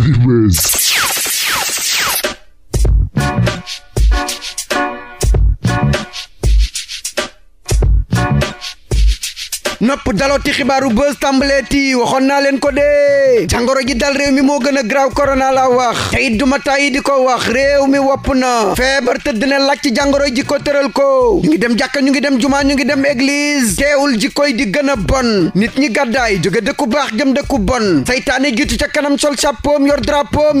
Heavy Mess. nopp dalooti xibaaru buzz tàmbaleeti waxoon naa leen ko dee jàngoro ji dal réew mi moo gën a graaw korona la wax te it duma tàyyi di ko wax réew mi wopp na feebar tëdd na laaj ci jàngoro ji ko tëral ko ñu ngi dem jàkka ñu ngi dem jumaa ñu ngi dem église teewul ji koy di gën a bon nit ñi gàddaay jóge dëkku baax jëm dëkku bon saytaane jiitu ca kanam sol chapeau yor te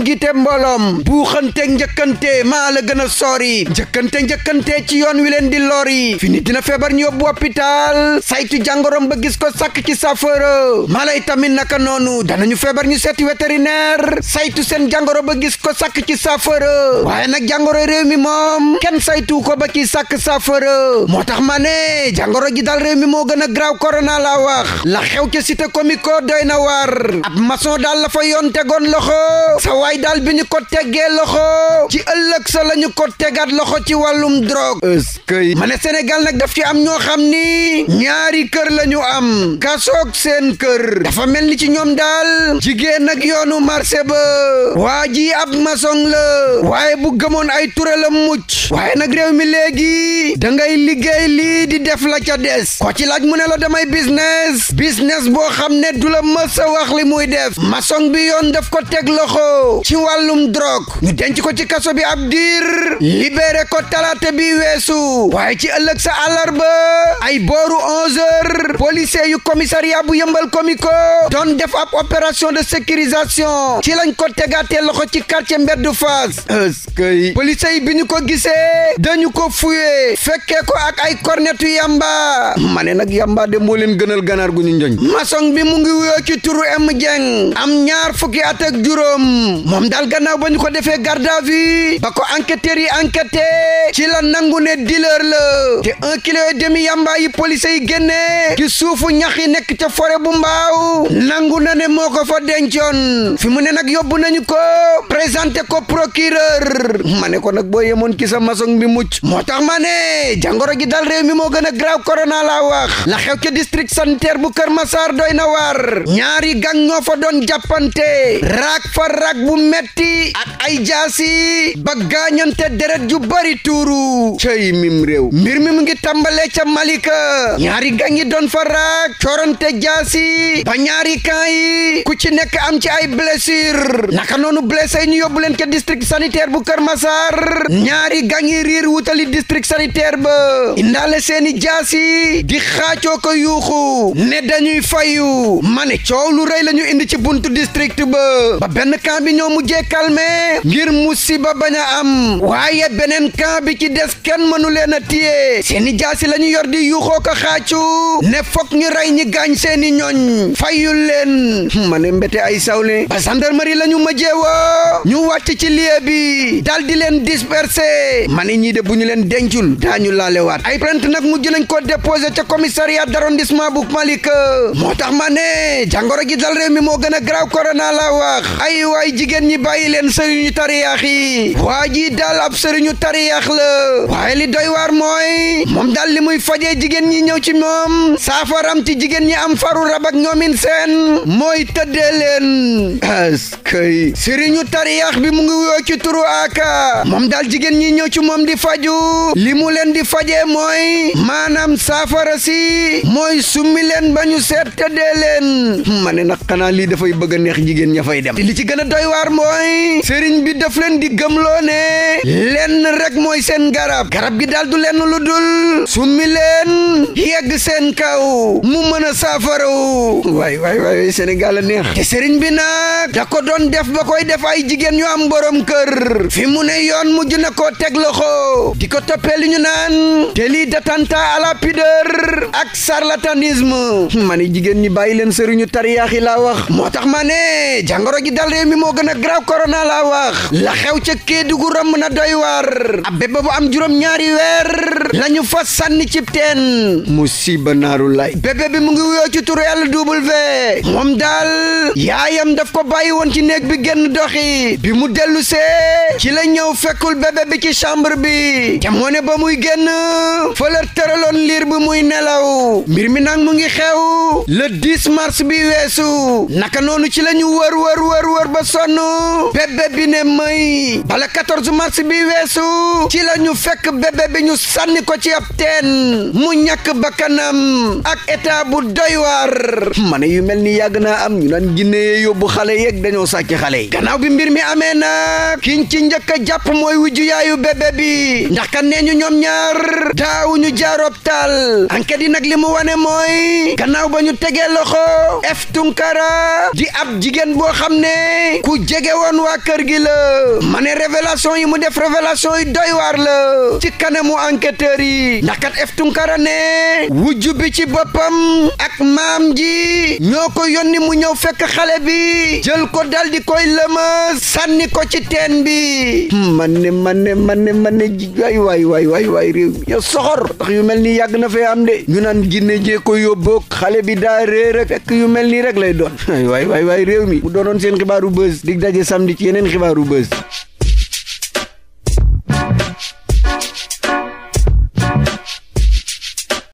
giite mbooloom buuxante njëkkante maa la gën a sori njëkkante njëkkante ci yoon wi leen di lori fini dina feebar ñu yóbbu hôpital saytu jàngoroom ba gis ko sàkk ci saafara mala itamit naka noonu danañu feebar ñu seeti vétérinaire saytu seen jàngoro ba gis ko sakk ci saafara waaye nag jàngoro réew mi moom kenn saytu ko ba ci sakk saafara moo tax ma ne jàngoro ji dal réew mi moo gën a graaw la laa wax la xew ko cité comico doy na war ab maçon daal la fa yoon tegoon loxo sa waay daal bi ñu ko teggee loxo ci ëllëg sa la ñu ko tegaat loxo ci wàllum drogue. est-ce que ma ne Sénégal nag daf ci am ñoo ni ñaari kër am kasoog seen kër dafa mel ni ci ñoom daal jigéen ak yoonu marché ba waa ji ab maçon la waaye bu gëmoon ay ture la mucc waaye nag réew mi léegi dangay liggéey lii di def la ca des ko ci laaj mu ne la damay business business boo xam ne du la mës a wax li muy def maçon bi yoon daf ko teg loxo ci wàllum drogue ñu denc ko ci kaso bi ab diir libéré ko talaata bi weesu waaye ci ëllëg sa àllarba ay booru 11 policier yu commissariat bu yëmbal comico doon def ab opération de sécurisation ci lañ ko tegaatee loxo ci quartier mbeddu Fass eskay policier yi bi ñu ko gisee dañu ko fuyee fekkee ko ak ay cornetu yamba ma ne nag yamba de moo leen gënal ganaar gu ñu njoñ maçon bi mu ngi wuyoo ci turu M am ñaar fukki at ak juróom moom daal gannaaw ba ñu ko defee garde à vue ba yi enquêté ci lan nangu ne dealer la te un kilo et demi yamba yi policier yi génnee suufu ñax yi nekk ca fore bu mbaaw nangu na ne moo ko fa dencoon fi mu ne nag yóbbu nañu ko présenté ko procureur ma ne ko nag boo yemoon ci sa maçon bi mucc moo tax ma ne jàngoro gi dal réew mi moo gën a graaw corona laa wax la xew ca district sanitaire bu Kër Massar doy na war ñaari gang ñoo fa doon jàppante raak fa raak bu metti ak ay jaasi ba gaañante deret ju bari tuuru cëy mim réew mbir mi mu ngi tàmbalee ca Malika ñaari gang yi doon fa waraak corante jaasi ba ñaari kan yi ku ci nekk am ci ay blessure naka noonu blessé yi ñu yóbbu leen ca district sanitaire bu Kër Masar ñaari gang yi riir wutali district sanitaire ba indaale seeni jaasi di xaacoo ko yuuxu ne dañuy fayu ma ne coow lu rëy la indi ci buntu district ba ba benn camp bi ñoo mujjee calmé ngir musiba bañ a am waaye beneen camp bi ci des kenn mënu leen a téye seeni jaasi lañuy yor di yuuxoo ko xaacu ne fokk ñu rey ñi gaañ seeni ñooñ fayul leen ma ne mbete ay sawle ba gendarmerie la ñu ma jeewa ñu wàcc ci lieu bi dal di leen disperser man ne ñii de bu ñu leen dencul daañu laalewaat ay plainte nag mujj nañ ko déposé ca commissariat d'arrondissement bu Malika moo tax ma ne jàngoro gi dal réew mi moo gën a graaw corona la wax ay waay jigéen ñi bàyyi leen sëriñu tariyaax yi waa ji daal ab sëriñu tariyaax la waaye li doy waar mooy moom daal li muy fajee jigéen ñi ñëw ci moom saafaram ci jigéen ñi am farul rab ak ñoomin seen mooy tëddee leen askay sariyaax bi mu ngi ci turu aka moom daal jigéen ñi ñëw ci moom di faju li mu leen di fajee mooy maanaam saafara si mooy summi leen ba ñu seet leen ma ne nag xanaa lii dafay bëgg neex jigéen ña fay dem li ci gën a doy waar mooy sëriñ bi daf leen di gëmloo ne lenn rek mooy seen garab garab gi daal du lenn lu dul summi leen yegg seen kaw mu mën a saafaraw waay waay waay Sénégal a neex te sëriñ bi nag da doon def ba koy def jigéen ñu am borom kër fi mu ne yoon mujj na koo teg loxo di ko toppee li ñu naan la pudeur ma jigéen ñi bàyyi leen sëriñu tariyaax yi laa wax moo ma ne jàngoro ji dal mi moo gën a graw korona laa wax la xew ca Kédougou na doy war ab bébé bu am juróom ñaari weer lañu fas sànni cib naaru lay bébé mu ngi wuyoo ci turu LW moom daal yaayam daf ko bàyyi woon ci néeg bi génn doxi bi bi mu dellu ci la ñëw fekkul bébé bi ci chambre bi te moo ba muy génn fëlër tëraloon liir bi muy nelaw mbir mi nag mu ngi xew le 10 mars bi weesu naka noonu ci la wër wër wër ba sonn bébé bi ne may bala 14 mars bi weesu ci la ñu fekk bébé bi ñu sànni ko ci ab teen mu ñàkk bakkanam ak état bu doy war ma ne yu mel ni yàgg naa am ñu naan ginne yóbbu xale yeeg dañoo sàcc xale yi gannaaw bi mbir mi amee nag kiñ ci njëkk a jàpp mooy wujju yaayu bébé bi ndax kan ñu ñoom ñaar daawuñu jaaroob taal enquête yi nag li mu wane mooy gannaaw ba ñu tegee loxo F di ab jigéen boo xam ne ne ku jege woon waa kër gi la ma ne révélation yi mu def révélation yi doy waar la ci kanamu enquêteurs yi ndax kat F Tunkara ne wujj bi ci boppam ak maam ji ñoo ko yónni mu ñëw fekk xale bi jël ko dal di koy lëmas sànni ko ci teen bi man ne man ne man ne man ne waay waay waay waay waay réew mi ñoo soxor ndax yu mel ni yàgg na fee am de ñu naan jinne jee ko yóbboog xale bi daa réer ak yu mel nii rek lay doon waay waay waay réew mi mu doonoon seen xibaaru Buzz dig daje samedi ci yeneen xibaaru Buzz